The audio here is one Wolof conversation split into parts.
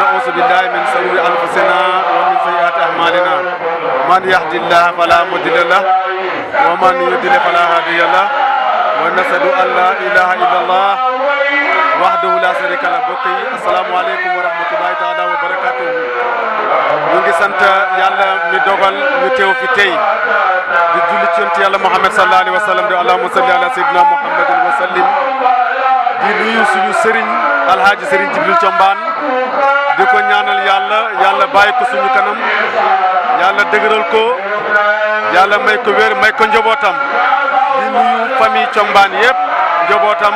أعوذ بالله من شرور أنفسنا ومن سيئات أعمالنا من يهد الله فلا مضل له ومن يضلل فلا هادي له ونشهد أن لا إله إلا الله وحده لا شريك له mbokk yi asalaamaaleykum wa rahmatulahi taala wa barakaatuhu ñu ngi sant yàlla mi dogal ñu teew fi tey di julli ci yonent yàlla Muhammad sallallahu alayhi wa sallam di allahumma salli ala sayyidina Muhammadin wa sallim di nuyu suñu sëriñ alhaaji sëriñ Jibril Combaan di ko ñaanal yàlla yàlla bàyyi ko suñu kanam yàlla dëgëral ko yàlla may ko wér may ko njabootam di nuyu famille Thiombane yëpp njabootam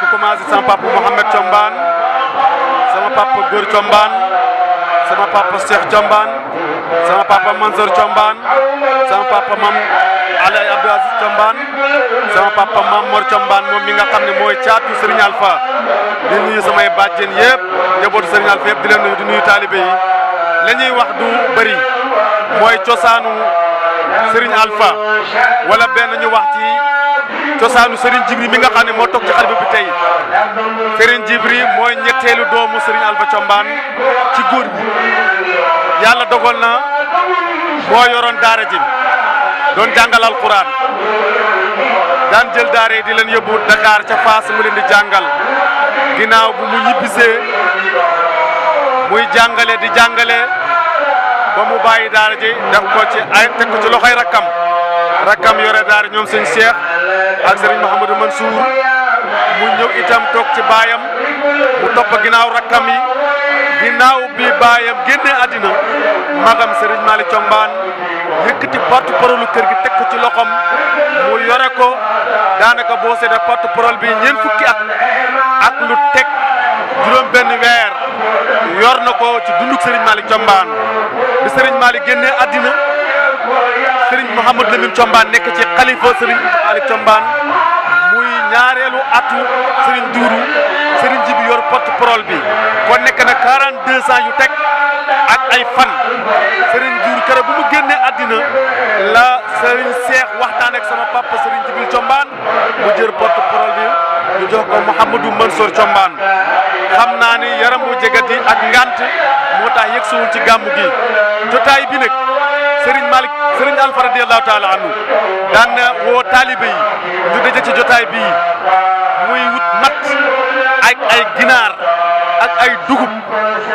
ko commencé sama papa Mouhamed Thiombane sama papa Góor Thiombane sama papa Cheikh Thiombane sama papa Mansour Thiombane sama papa Mam. Alay Abdou Aziz Thiombane sama papa Mame Mor Thiombane moom mi nga xam ne mooy caatu Serigne Alpha di nuyu samay bàjjen yëpp njabootu Serigne Alpha yëpp di leen nuyu di nuyu taalibe yi lañuy ñuy wax du bëri mooy cosaanu Serigne Alpha wala benn ñu wax cosaanu Serigne Jibri mi nga xam ne moo toog ci xalifa bi tey Serigne Jibri mooy ñetteelu doomu Serigne Alpha Thiombane ci góor gi yàlla dogal na moo yoroon daara ji doon jàngal alquran daan jël daara yi di leen yóbbu Dakar ca Fass mu leen di jàngal ginnaaw bu mu ñibbisee muy jàngale di jàngale ba mu bàyyi daara ji def ko ci ay teg ko ci loxoy rakkam rakkam yore daara ñoom sëñ Cheikh ak sëriñ Mouhamadou Mansour mu ñëw itam toog ci baayam mu topp ginnaaw rakkam yi ginnaaw baayam génne àddina magam sëriñ Malick Thiombane porte parole kër gi teg ko ci loxoom mu yore ko daanaka boo seetee porte parole bi ñeent fukki at ak lu teg juróom benn weer yor na ko ci dunduk Serigne Malick Thiombane bi Serigne Malick génnee àddina Serigne Mouhamadou Lamine Thiombane nekk ci xalifa Serigne Malick Thiombane ñaareelu atu Serigne Doudou Serigne Djibi yor porte-parole bi kon nekk na 42 ans yu teg ak ay fan Serigne Doudou kër bu mu génnee àddina la Serigne Cheikh waxtaan ak sama papa Serigne Djibi Thiombane mu jër porte-parole bi mu jox ko Mouhamadou Mansour Thiombane xam naa ni yaram bu jegati ak ngant moo tax yëg suwul ci gàmm gi jotaay bi nag. Serigne Malick Serigne Alfa radiyallahu taala anhu daan na woo taalibe yi ñu ci jotaay bii muy wut mat ak ay ginaar ak ay dugub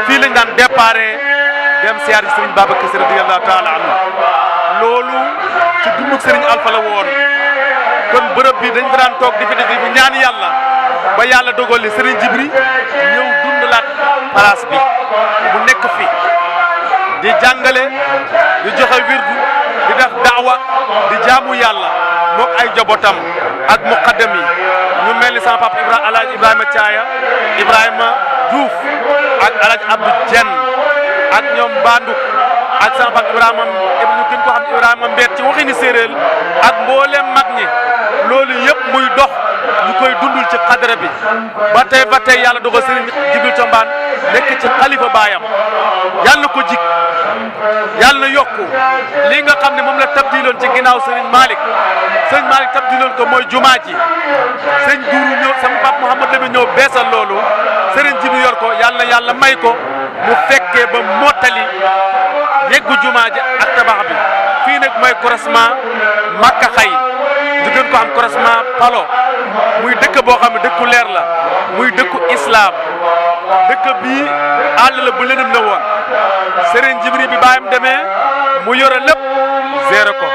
fii lañ daan déparé dem siyaar ci Serigne Babacar Sy radiyallahu taala anhu loolu ci dundug Serigne Alfa la woon kon bërëb bi dañ ba daan toog di fi di fi ñaan yàlla ba yàlla dogal li Serigne Jibri bi mu nekk fi di jàngale di joxe di def daawa di jaamu yàlla mook ay jabotam ak muqaddam yi ñu mel ni sama papa Ibra alaaj Ibrahima Thiaya Ibrahima alaaj Abdou Dieng ak ñoom ak sama papa Ibrahima ñu gën ko xam Ibrahima Mbett ci waxi ni séeréer ak mboolem mag ñi loolu yëpp muy dox ñu koy dundul ci xadara bi ba tey ba tey yàlla dogal Serigne Jibril Combaan nekk ci xalifa baayam yàlla ko jig yàlla na yokku lii nga xam ne moom la tabdiloon ci ginnaaw Serigne Malick Serigne Malick tabdiloon ko mooy jumaa ji sëñ Duuru ñëw sama papa Mouhamad Lamine beesal loolu Serigne Jibi yor ko yàlla na yàlla may ko mu fekkee ba mottali néegu jumaa ji ak tabax bi fii nag mooy croisement Makka Xay ñu gën ko am croisement Palo muy dëkk boo xam ne dëkku leer la muy dëkku islaam dëkk bii àll la bu lëndëm la woon Serigne Jibril bi baayam demee mu yore lépp gérer ko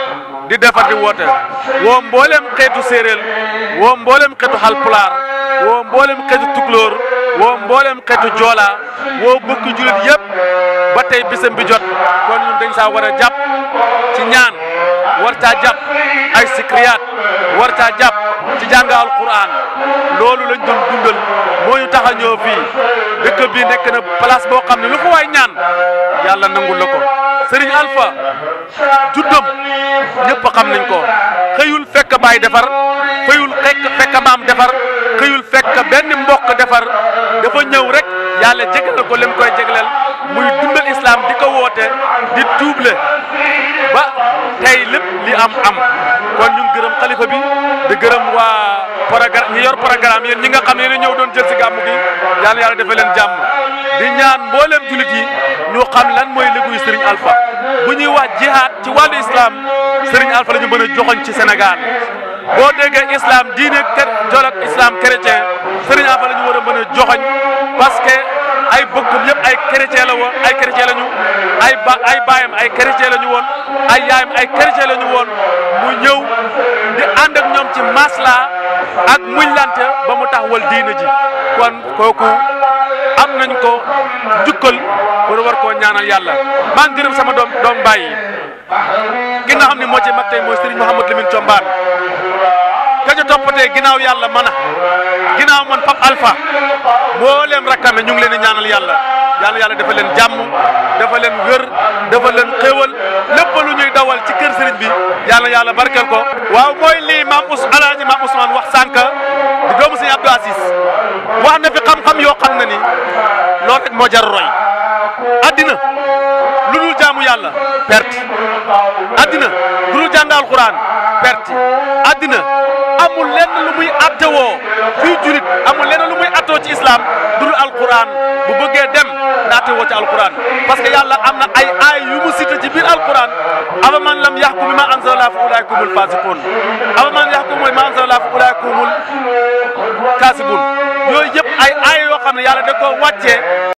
di defar di woote woo mboolem xeetu séeréel woo mboolem xeetu xalpulaar woo mboolem xeetu tukulóor woo mboolem xeetu joola woo bokk jullit yëpp tey bisam bi jot kon ñun dañ saa war a jàpp ci ñaan war caa jàpp ay sikriyaat war caa jàpp ci jàng alquran loolu lañ doon dundal moo ñu tax a ñëw fii dëkk bii nekk na place boo xam ne lu ko waay ñaan yàlla nangul la ko Serigne Alpha juddam ñëpp xam nañ ko xëyul fekk baay defar xëyul fekk fekk maam defar xëyul fekk benn mbokk defar dafa ñëw rek yàlla jégal ko lim koy jégleel muy woote di le ba tey lépp li am am kon ñu gërëm xalifa bi di gërëm waa programme ñi yor programme yen ñi nga xam ne yéen ñëw doon jël si gàmmu gi yàlla yàlla defal leen jàmm di ñaan mboolem jullit yi ñu xam lan mooy liggéeyu Serigne Alpha bu ñuy wax jihaad ci wàllu islam Serigne Alpha la ñu mën a joxoñ ci Sénégal boo déggee islam diine ter jolak islam chrétien Serigne Alpha la ñu war mën a joxoñ parce que ay bëggum yëpp ay chrétien la woon ay chrétien la ay ay baayam ay chrétien la woon ay yaayam ay chrétien la ñu woon mu ñëw di ànd ak ñoom ci masla ak muñlante ba mu taxawal diina ji kon kooku am nañ ko jukkal pour war koo ñaanal yàlla maa ngi gërëm sama doom doom bàyyi ki nga xam ne moo ci mag tey mooy Serigne Mouhamadou Lamine Thiombane ka ca ginnaaw yàlla man a ginnaaw man Pape Alpha mbooleem rakkam ñu ngi leen di ñaanal yàlla yàlla yàlla dafa leen jàmm dafa leen wér dafa leen xéwal lépp lu ñuy dawal ci kër bi yàlla yàlla barkeel ko. waaw mooy lii maam Ous alaaji maam Ousmane wax sànq di doomu sëñ Abdou Aziz wax na fi xam-xam yoo xam na ni loolu rek moo jar roy addina lu dul jaamu yàlla perte addina lu dul jàng alxuraan perte addina. amul lenn lu muy attewoo fii jurit amul lenn lu muy attoo ci islam dul alquran bu bëggee dem na attewoo ci alquran parce que yàlla am na ay aay yu mu cité ci biir alquran afa man lam yaxkum bi ma anzala laa fa ulaay kumul man yaxkum bi ma anzala laa fa kaasibun yooyu yëpp ay aay yoo xam ne yàlla da koo wàccee